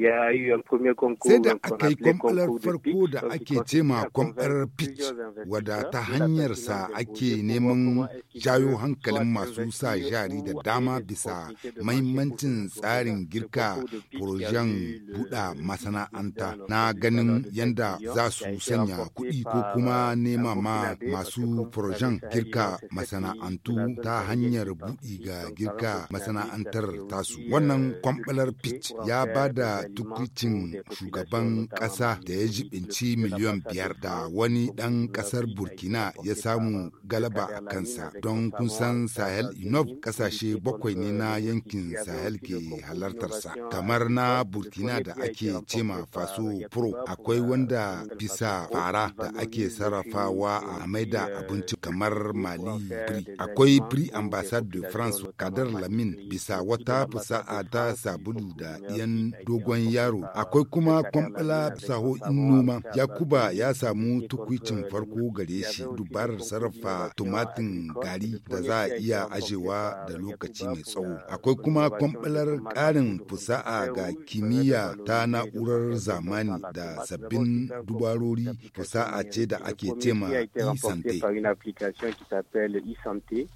se da akayi yi kwamfalar farko da ake cema kwamfalar pitch wadda ta hanyar sa ake neman jayo hankalin masu sa jari da dama bisa mahimmancin tsarin girka furojen buɗa masana'anta na ganin yanda za su sanya kuɗi ko kuma euh, nema ma masu furojen girka masana'antu ta hanyar buɗi ga girka masana'antar tasu wannan kwamfalar pitch ya ba da tukucin shugaban ƙasa da ya jibinci miliyan biyar da wani ɗan ƙasar burkina ya samu galaba a kansa don kusan sahel inov ƙasashe bakwai ne na yankin sahel ke halartarsa kamar na burkina da ake cema faso pro akwai wanda bisa fara da ake sarrafawa a maida eh, abinci kamar mali bri akwai pri ambassade de france kadar lamin bisa wata fasa'a ta sabulu da yan dogon girman yaro akwai kuma kwamfala saho'in noma yakuba ya samu tukwicin farko gare shi dubarar sarrafa tumatin gari da za a iya ajewa da lokaci mai tsawo akwai kuma kwamfalar ƙarin fusa'a ga kimiyya ta na'urar zamani da sabbin dubarori fusa'a ce da ake cema e-sante